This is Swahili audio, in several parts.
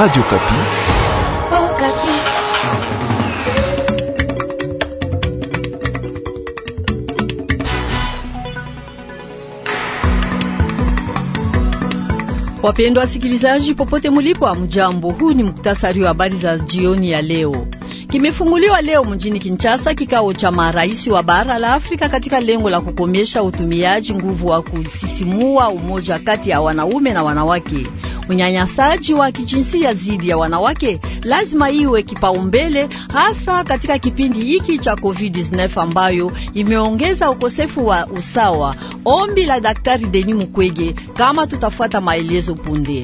Radio Kapi. Oh, Kapi. Wapendwa wasikilizaji, popote mulipo, amjambo. Huu ni muktasari wa habari za jioni ya leo. Kimefunguliwa leo mjini Kinshasa kikao cha marais wa bara la Afrika katika lengo la kukomesha utumiaji nguvu wa kusisimua umoja kati ya wanaume na wanawake. Unyanyasaji wa kijinsia dhidi ya wanawake lazima iwe kipaumbele, hasa katika kipindi hiki cha COVID-19 ambayo imeongeza ukosefu wa usawa. Ombi la Daktari Denis Mukwege, kama tutafuata maelezo punde.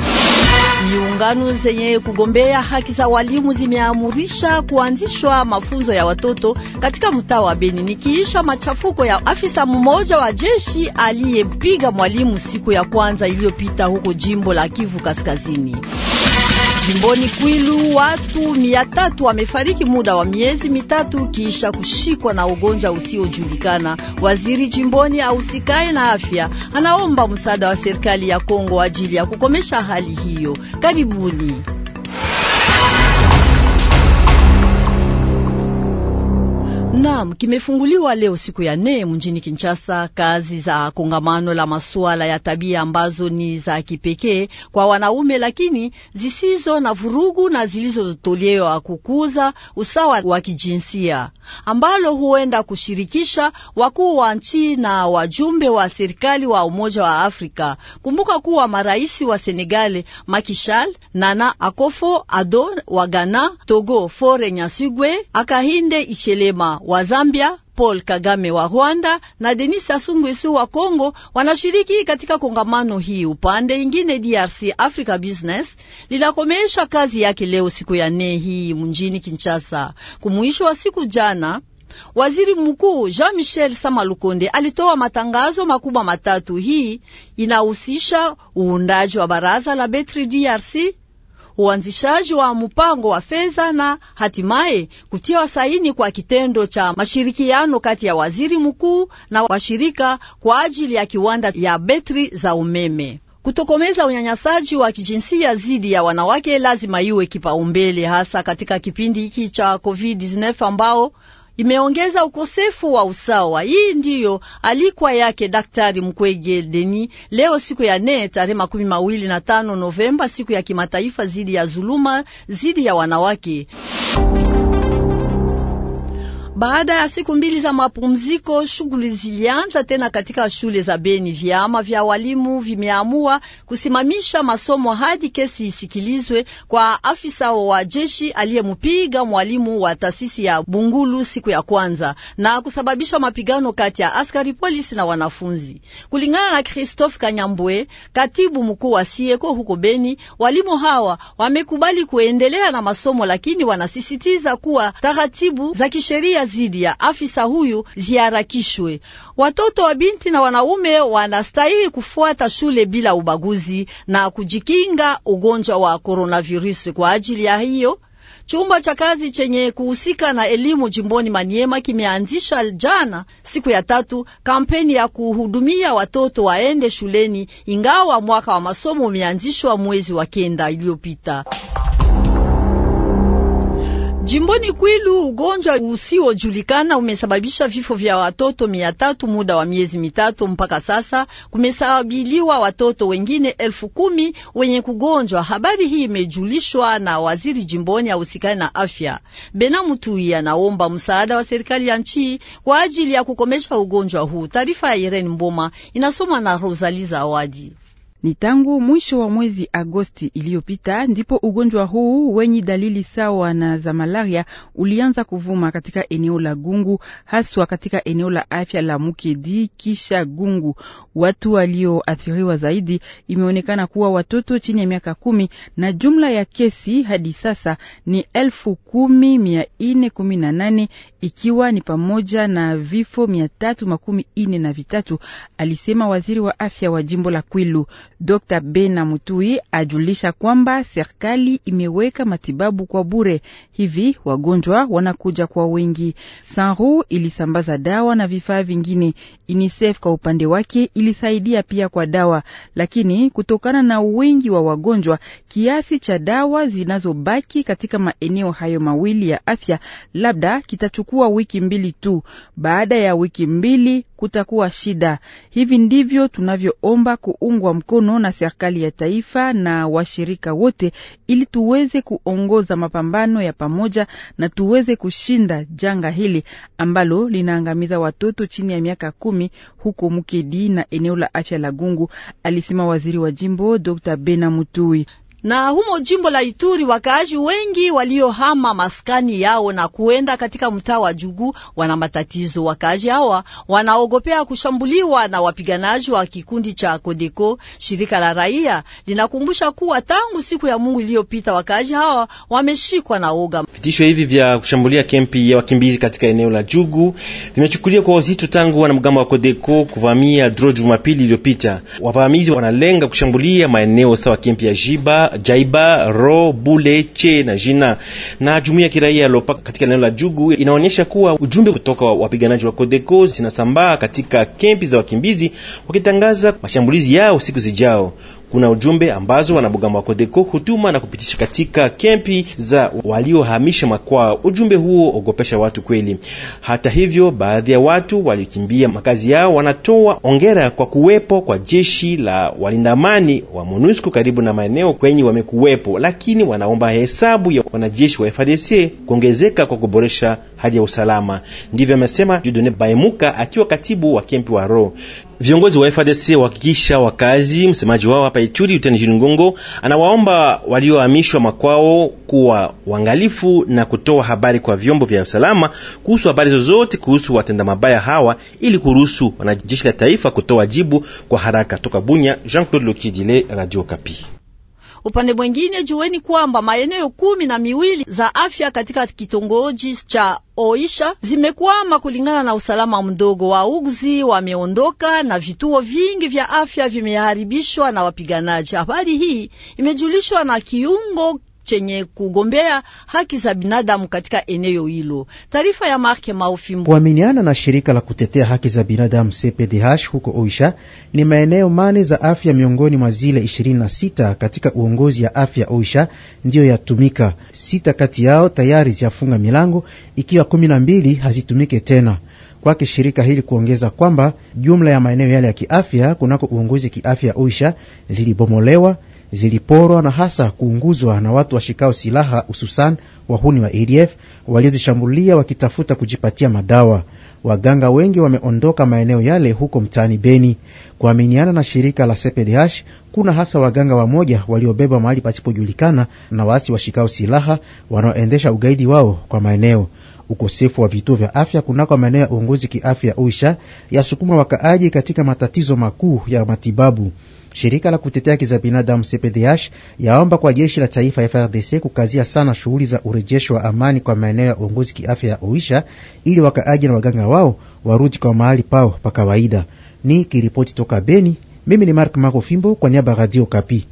Miungano zenye kugombea haki za walimu zimeamurisha kuanzishwa mafunzo ya watoto katika mtaa wa Beni nikiisha machafuko ya afisa mmoja wa jeshi aliyepiga mwalimu siku ya kwanza iliyopita huko jimbo la Kivu Kaskazini. Jimboni Kwilu watu mia tatu wamefariki muda wa miezi mitatu kisha kushikwa na ugonjwa usiojulikana. Waziri jimboni ahusikaye na afya anaomba msaada wa serikali ya Kongo ajili ya kukomesha hali hiyo. Karibuni. Naam, kimefunguliwa leo siku ya nne mjini Kinshasa kazi za kongamano la masuala ya tabia ambazo ni za kipekee kwa wanaume, lakini zisizo na vurugu na zilizotolewa kukuza usawa wa kijinsia, ambalo huenda kushirikisha wakuu wa nchi na wajumbe wa serikali wa Umoja wa Afrika. Kumbuka kuwa marais wa Senegal Macky Sall, Nana Akufo-Addo wa Ghana, Togo Faure Gnassingbe, Akahinde Ishelema wa Zambia, Paul Kagame wa Rwanda na Denis Sassou Nguesso wa Kongo wanashiriki katika kongamano hii. Upande ingine, DRC Africa Business linakomesha kazi yake leo siku ya nne hii mjini Kinshasa. Kumwisho wa siku jana Waziri Mkuu Jean-Michel Samalukonde alitoa matangazo makubwa matatu. Hii inahusisha uundaji wa baraza la Betri DRC uanzishaji wa mpango wa fedha na hatimaye kutiwa saini kwa kitendo cha mashirikiano kati ya waziri mkuu na washirika kwa ajili ya kiwanda ya betri za umeme. Kutokomeza unyanyasaji wa kijinsia dhidi ya wanawake lazima iwe kipaumbele hasa katika kipindi hiki cha COVID-19 ambao imeongeza ukosefu wa usawa. Hii ndiyo alikwa yake Daktari Mkwege Deni leo siku ya nne tarehe makumi mawili na tano Novemba, siku ya kimataifa zidi ya zuluma zidi ya wanawake baada ya siku mbili za mapumziko, shughuli zilianza tena katika shule za Beni. Vyama vya walimu vimeamua kusimamisha masomo hadi kesi isikilizwe kwa afisa wa jeshi aliyempiga mwalimu wa taasisi ya Bungulu siku ya kwanza na kusababisha mapigano kati ya askari polisi na wanafunzi. Kulingana na Christophe Kanyambwe, katibu mkuu wa Sieko huko Beni, walimu hawa wamekubali kuendelea na masomo, lakini wanasisitiza kuwa taratibu za kisheria dhidi ya afisa huyu ziharakishwe. Watoto wa binti na wanaume wanastahili kufuata shule bila ubaguzi na kujikinga ugonjwa wa coronavirus. Kwa ajili ya hiyo chumba cha kazi chenye kuhusika na elimu jimboni Maniema kimeanzisha jana siku ya tatu kampeni ya kuhudumia watoto waende shuleni, ingawa mwaka wa masomo umeanzishwa mwezi wa kenda iliyopita. Jimboni Kwilu, ugonjwa usiojulikana umesababisha vifo vya watoto mia tatu muda wa miezi mitatu mpaka sasa. Kumesabiliwa watoto wengine elfu kumi wenye kugonjwa. Habari hii imejulishwa na waziri jimboni ahusikani na afya, Bena Mutui. Anaomba msaada wa serikali ya nchi kwa ajili ya kukomesha ugonjwa huu. Taarifa ya Irene Mboma inasomwa na Rosali Zawadi. Ni tangu mwisho wa mwezi Agosti iliyopita ndipo ugonjwa huu wenye dalili sawa na za malaria ulianza kuvuma katika eneo la Gungu, haswa katika eneo la afya la Mukedi kisha Gungu. Watu walioathiriwa zaidi imeonekana kuwa watoto chini ya miaka kumi, na jumla ya kesi hadi sasa ni elfu kumi mia nne kumi na nane ikiwa ni pamoja na vifo mia tatu makumi nne na vitatu, alisema waziri wa afya wa jimbo la Kwilu. Dr. Bena Mutui ajulisha kwamba serikali imeweka matibabu kwa bure, hivi wagonjwa wanakuja kwa wingi. Sanru ilisambaza dawa na vifaa vingine. UNICEF kwa upande wake ilisaidia pia kwa dawa, lakini kutokana na wingi wa wagonjwa, kiasi cha dawa zinazobaki katika maeneo hayo mawili ya afya labda kitachukua wiki mbili tu. Baada ya wiki mbili kutakuwa shida. Hivi ndivyo tunavyoomba kuungwa mkono na serikali ya taifa na washirika wote, ili tuweze kuongoza mapambano ya pamoja na tuweze kushinda janga hili ambalo linaangamiza watoto chini ya miaka kumi huko Mukedi na eneo la afya la Gungu, alisema waziri wa jimbo Dr. Bena Mutui na humo jimbo la Ituri wakaaji wengi waliohama maskani yao na kuenda katika mtaa wa Jugu wana matatizo. Wakaaji hawa wanaogopea kushambuliwa na wapiganaji wa kikundi cha Kodeko. Shirika la raia linakumbusha kuwa tangu siku ya Mungu iliyopita wakaaji hawa wameshikwa na oga. Vitisho hivi vya kushambulia kempi ya wakimbizi katika eneo la Jugu vimechukuliwa kwa uzito tangu wanamgambo wa Kodeko kuvamia Dro Jumapili iliyopita. Wavamizi wanalenga kushambulia maeneo sawa kempi ya Jiba Jaiba, Ro Bule Che na jina na jumuiya ya kiraia Lopa katika eneo la Jugu inaonyesha kuwa ujumbe kutoka wapiganaji wa Kodeko zinasambaa katika kempi za wakimbizi wakitangaza mashambulizi yao siku zijao. Kuna ujumbe ambazo wanamgambo wa Kodeko hutuma na kupitisha katika kempi za waliohamisha makwao. Ujumbe huo ogopesha watu kweli. Hata hivyo, baadhi ya watu waliokimbia makazi yao wanatoa ongera kwa kuwepo kwa jeshi la walindamani wa MONUSCO karibu na maeneo kwenye wamekuwepo, lakini wanaomba hesabu ya wanajeshi wa FARDC kuongezeka kwa kuboresha hali ya usalama. Ndivyo amesema Judone Baimuka akiwa katibu wa kempi wa Ro. Viongozi wa FDC wahakikisha wakazi. Msemaji wao hapa Ituri, Luteni ngongo anawaomba waliohamishwa makwao kuwa wangalifu na kutoa habari kwa vyombo vya usalama kuhusu habari zozote kuhusu watenda mabaya hawa, ili kuruhusu wanajeshi la taifa kutoa jibu kwa haraka. Toka Bunya, Jean Claude Lokidile, Radio Kapi. Upande mwingine, jueni kwamba maeneo kumi na miwili za afya katika kitongoji cha Oisha zimekwama kulingana na usalama mdogo. Wauguzi wameondoka na vituo vingi vya afya vimeharibishwa na wapiganaji. Habari hii imejulishwa na kiungo chenye kugombea haki za binadamu katika eneo hilo. Taarifa ya Marke Maufimbo. Kuaminiana na shirika la kutetea haki za binadamu CPDH huko Oisha, ni maeneo mane za afya miongoni mwa zile 26 katika uongozi ya afya Oisha ndiyo yatumika. Sita kati yao tayari ziafunga milango ikiwa kumi na mbili hazitumike tena kwake shirika hili kuongeza kwamba jumla ya maeneo yale ya kiafya kunako uongozi kiafya Oisha zilibomolewa ziliporwa na hasa kuunguzwa na watu washikao silaha, hususan wahuni wa ADF waliozishambulia wakitafuta kujipatia madawa. Waganga wengi wameondoka maeneo yale huko mtaani Beni. Kuaminiana na shirika la CPDH, kuna hasa waganga wamoja waliobebwa mahali pasipojulikana na waasi washikao silaha wanaoendesha ugaidi wao kwa maeneo ukosefu wa vituo vya afya kunako maeneo ya uongozi kiafya uisha yasukuma wakaaji katika matatizo makuu ya matibabu. Shirika la kutetea haki za binadamu CPDH yaomba kwa jeshi la taifa ya frdc kukazia sana shughuli za urejesho wa amani kwa maeneo ya uongozi kiafya ya Oisha ili wakaaji na waganga wao warudi kwa mahali pao pa kawaida. Ni kiripoti toka Beni. Mimi ni Mark Mako Fimbo kwa niaba ya Radio Kapi.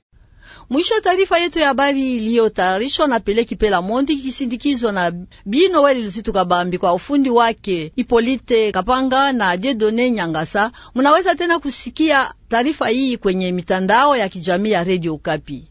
Mwisho taarifa yetu ya habari iliyotayarishwa na Peleki Pela Mondi kisindikizwa na Bino Weli Lusitu Kabambi kwa ufundi wake Ipolite Kapanga na Dedone Nyangasa. Munaweza tena kusikia taarifa hii kwenye mitandao ya kijamii ya Radio Kapi.